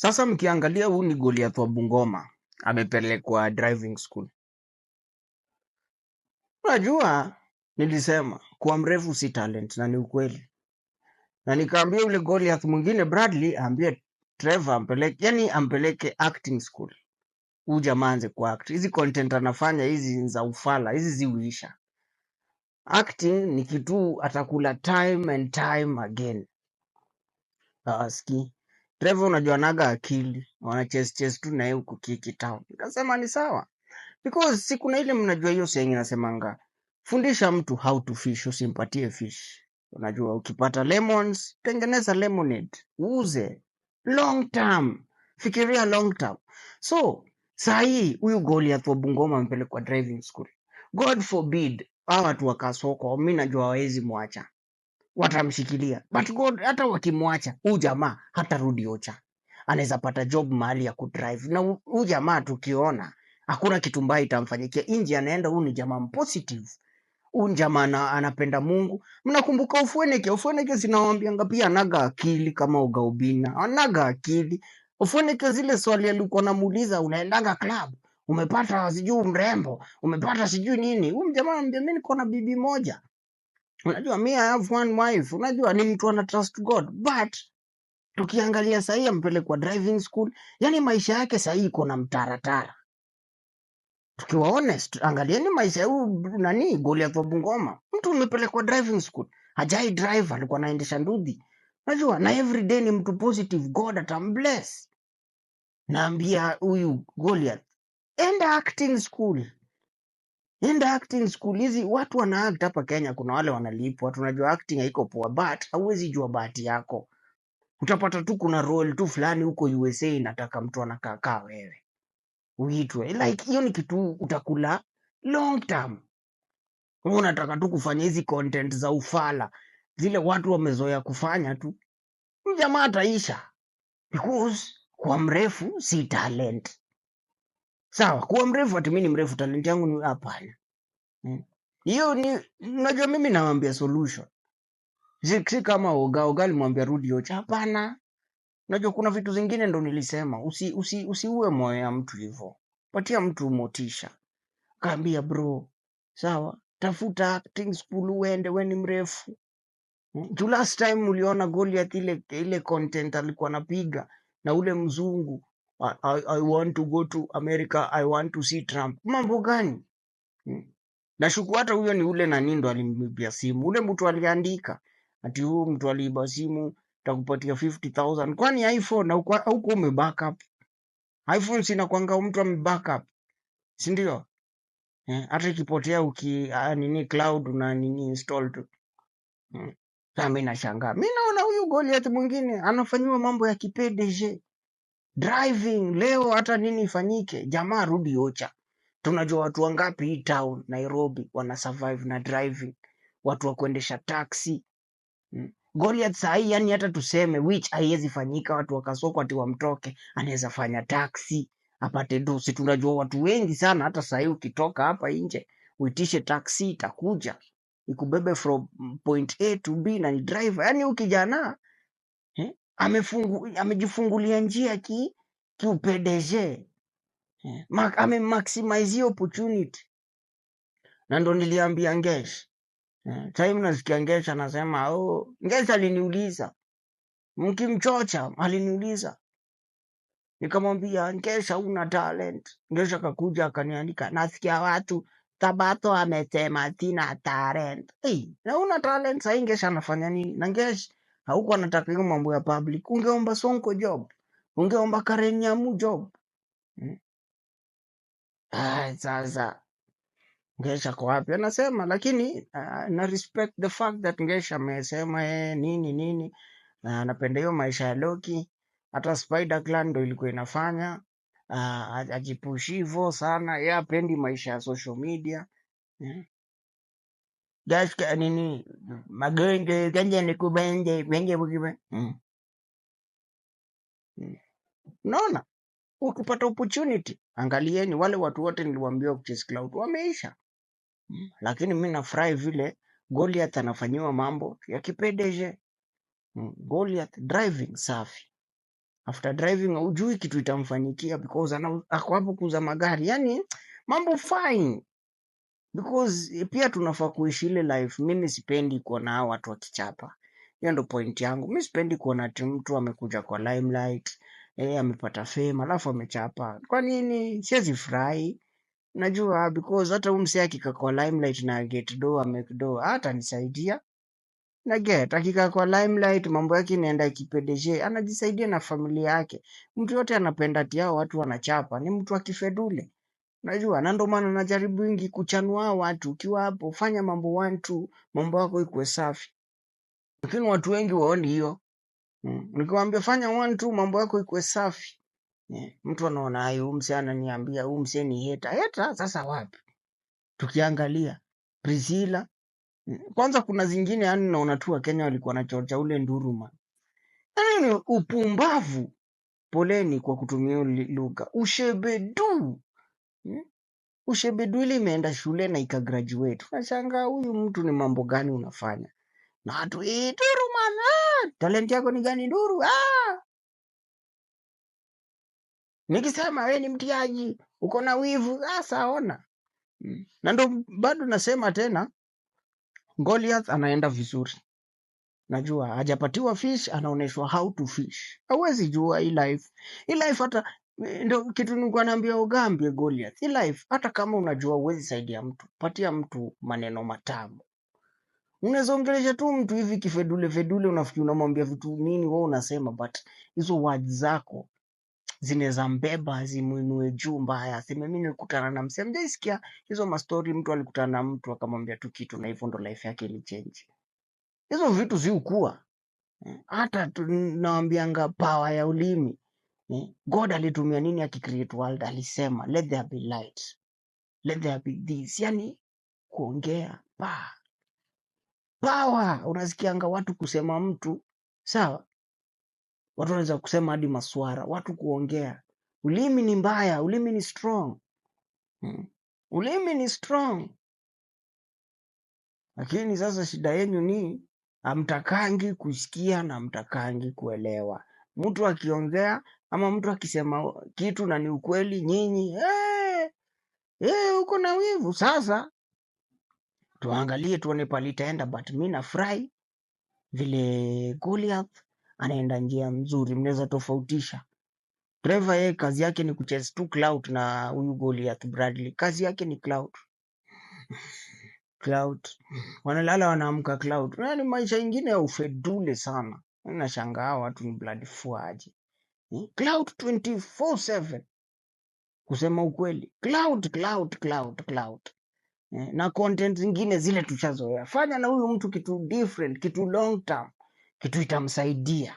Sasa mkiangalia huu ni Goliath wa Bungoma amepelekwa driving school. Unajua, nilisema kuwa mrefu si talent, na ni ukweli, na nikaambia ule Goliath mwingine Bradley aambie Trevor ampeleke, yani ampeleke acting school, huu manze kwa act Hizi content anafanya hizi za ufala hizi ziuisha. Acting ni kitu atakula time and time again. uh, Trevor unajua naga akili, wana chase chase tu naye huku kiki town. Nikasema ni sawa. Because si kuna ile mnajua hiyo saying inasemanga fundisha mtu how to fish, usimpatie fish. Unajua ukipata lemons, tengeneza lemonade, uuze long term. Fikiria long term. So, saa hii huyu Goliath wa Bungoma ampelekwa driving school. God forbid hawa watu wakasoko, mimi najua hawawezi mwacha watamshikilia but God, hata wakimwacha huu jamaa hatarudi Ocha, anaweza pata job mahali ya kudrive na huu jamaa tukiona hakuna kitu mbaya itamfanyikia inji, anaenda huu ni jamaa mpositive, huu jamaa anapenda Mungu. Mnakumbuka ufueneke ufueneke zinawambianga pia anaga akili kama ugaubina, anaga akili ufueneke Zile swali alikuwa namuuliza, unaendaga club umepata sijui mrembo umepata sijui nini, huu mjamaa anambia mi niko na bibi moja Unajua, mi I have one wife, unajua ni mtu ana trust God but tukiangalia sahii ampelekwa driving school, yani maisha yake sahii iko na mtaratara. Tukiwa honest, angalieni maisha huu nani Goliath wa Bungoma, mtu umepelekwa driving school, hajai drive, alikuwa naendesha ndudhi. Unajua, na every day ni mtu positive, God atambless. Naambia huyu Goliath, enda acting school Nenda acting school hizi watu wana act hapa Kenya, kuna wale wanalipwa. Tunajua acting haiko poa, but hauwezi jua bahati yako. Utapata tu kuna role tu fulani huko USA inataka mtu anakaa wewe uitwe, like hiyo ni kitu utakula long term. Wewe unataka tu kufanya hizi content za ufala zile watu wamezoea kufanya tu, jamaa ataisha because kwa mrefu si talent. Sawa, kuwa mrefu ati mimi ni mrefu, talenti yangu ni hapana. Hmm. Hiyo ni najua mimi nawaambia solution. Si kama oga oga alimwambia rudi yocha, hapana. najua kuna vitu zingine ndo nilisema usi, usi, usiue moyo ya mtu hivyo. Patia mtu motisha. Kaambia bro, sawa, tafuta acting school uende, wewe ni mrefu. Tu hmm, last time uliona Goliath ile ile content alikuwa anapiga na ule mzungu I, I, want to go to America, I want to see Trump. Mambo gani? Hmm. Nashuku hata huyo ni ule nani ndo alimibia simu, ule mtu aliandika ati huyu mtu aliiba simu takupatia 50000 kwani iPhone au kwa ume backup iPhone sina kwanga mtu ame backup, si ndio? Eh, hata ikipotea uki a, ah, nini cloud na nini installed. Hmm. hmm. Mimi nashangaa, mimi naona huyu Goliath mwingine anafanyiwa mambo ya kipede kipedeshe driving leo, hata nini ifanyike, jamaa rudi ocha. Tunajua watu wangapi hii town Nairobi wana survive na driving, watu wa kuendesha taxi hmm. Goliath sahii, yani hata tuseme which haiwezi fanyika, watu wakasoko ati wamtoke, anaweza fanya taxi apate dosi. Tunajua watu wengi sana, hata sahii ukitoka hapa nje uitishe taxi itakuja ikubebe from point A to B na ni driver, yani ukijana amejifungulia njia ki kiupedeje, yeah. Eh, Amemaximize opportunity, na ndo niliambia Ngesh yeah. Time nasikia Ngesh anasema oh, Ngesh aliniuliza mkimchocha, aliniuliza nikamwambia Ngesh una talent. Ngesh akakuja akaniandika, nasikia watu Tabato amesema sina talent. Hey, na una talent sasa, Ngesh anafanya nini? na Ngesh hauko anataka hiyo mambo ya public. Ungeomba Sonko job, ungeomba Karen Nyamu job hmm? Ah, sasa Ngesha kwa wapi anasema, lakini uh, na respect the fact that Ngesha amesema eh, nini nini na anapenda hiyo maisha ya Loki. Hata Spider Clan ndo ilikuwa inafanya uh, ah, ajipushi hivyo sana, yeye apendi maisha ya social media yeah. Hmm. Dashka nini magonjwa kanja ni kubanje venge bukiba. Unaona, ukipata opportunity angalieni. Wale watu wote niliwaambia Chris Cloud wameisha, hmm. lakini mi nafurahi vile Goliath anafanyiwa mambo ya kipedeje. Hmm. Goliath driving safi, after driving hujui kitu itamfanyikia because ana hapo kuuza magari, yani mambo fine because eh, pia tunafaa kuishi ile life. Mimi nisipendi kuona hao watu wakichapa, hiyo ndo point yangu. Mi sipendi kuona ati mtu amekuja kwa limelight eh, amepata fame alafu amechapa. Kwa nini? Siwezi furahi, najua because hata huyu msee akikaa kwa limelight na get do amedo hata nisaidia na get akikaa kwa limelight mambo yake inaenda kipedeje, anajisaidia na familia yake. Mtu yote anapenda tiao watu wanachapa, ni mtu akifedule Unajua, na ndio maana najaribu wingi kuchanua watu. Ukiwa hapo fanya mambo one two, mambo yako ikuwe safi, lakini watu wengi waoni hiyo mm. Nikiwaambia fanya one two, mambo yako ikuwe safi yeah. Mtu anaona hayo, huyu ananiambia, huyu msee ni heta heta. Sasa wapi? Tukiangalia Priscilla mm, kwanza, kuna zingine yani naona tu Wakenya walikuwa na chocha ule Nduruma, yani upumbavu. Poleni kwa kutumia lugha ushebedu Hmm? Ushebedu ile imeenda shule na ikagraduate. Unashangaa huyu mtu ni mambo gani unafanya? Na watu "Eh, Duru man, ah, talent yako ni gani Duru? Ah!" Nikisema we ni mtiaji, uko na wivu, ah, sasa ona. Mm. Na ndo bado nasema tena Goliath anaenda vizuri. Najua hajapatiwa fish, anaoneshwa how to fish. Hawezi jua hii life. Hii life hata Eh, ndo kitu nilikuwa naambia ugambie Goliath, hii life, hata kama unajua uwezi saidia mtu, patia mtu maneno matamu. Unaweza ongelesha tu mtu hivi kifedule fedule, unafikiri unamwambia vitu nini, wewe unasema, but hizo words zako zinaweza mbeba, zimuinue juu mbaya, aseme mimi nilikutana na msee. Mjaisikia hizo mastori, mtu alikutana na mtu akamwambia tu kitu, na hivyo ndo life yake ilichenji. Hizo vitu ziukua eh, hata tunawambianga pawa ya ulimi Hmm? God alitumia nini akicreate world? Alisema let there be light, let there be this, yani kuongea pa pawa. Unasikianga watu kusema mtu sawa, watu wanaweza kusema hadi maswara, watu kuongea. Ulimi ni mbaya, ulimi ni strong hmm. Ulimi ni strong, lakini sasa shida yenu ni amtakangi kusikia na amtakangi kuelewa mtu akiongea ama mtu akisema kitu na ni ukweli, nyinyi hey, hey, uko na wivu. Sasa tuangalie tuone palitaenda, but mi nafurahi vile Goliath anaenda njia mzuri, mnaweza tofautisha. Trevor yeye kazi yake ni kucheza tu clout, na huyu Goliath Bradley kazi yake ni clout clout, wanalala wanaamka clout, ni maisha ingine ya ufedule sana shanga hawa watu ni blood fuaje hmm? Cloud 24/7 kusema ukweli, cloud cloud cloud cloud hmm? na content zingine zile tushazoea. Fanya na huyu mtu kitu different, kitu long term, kitu itamsaidia.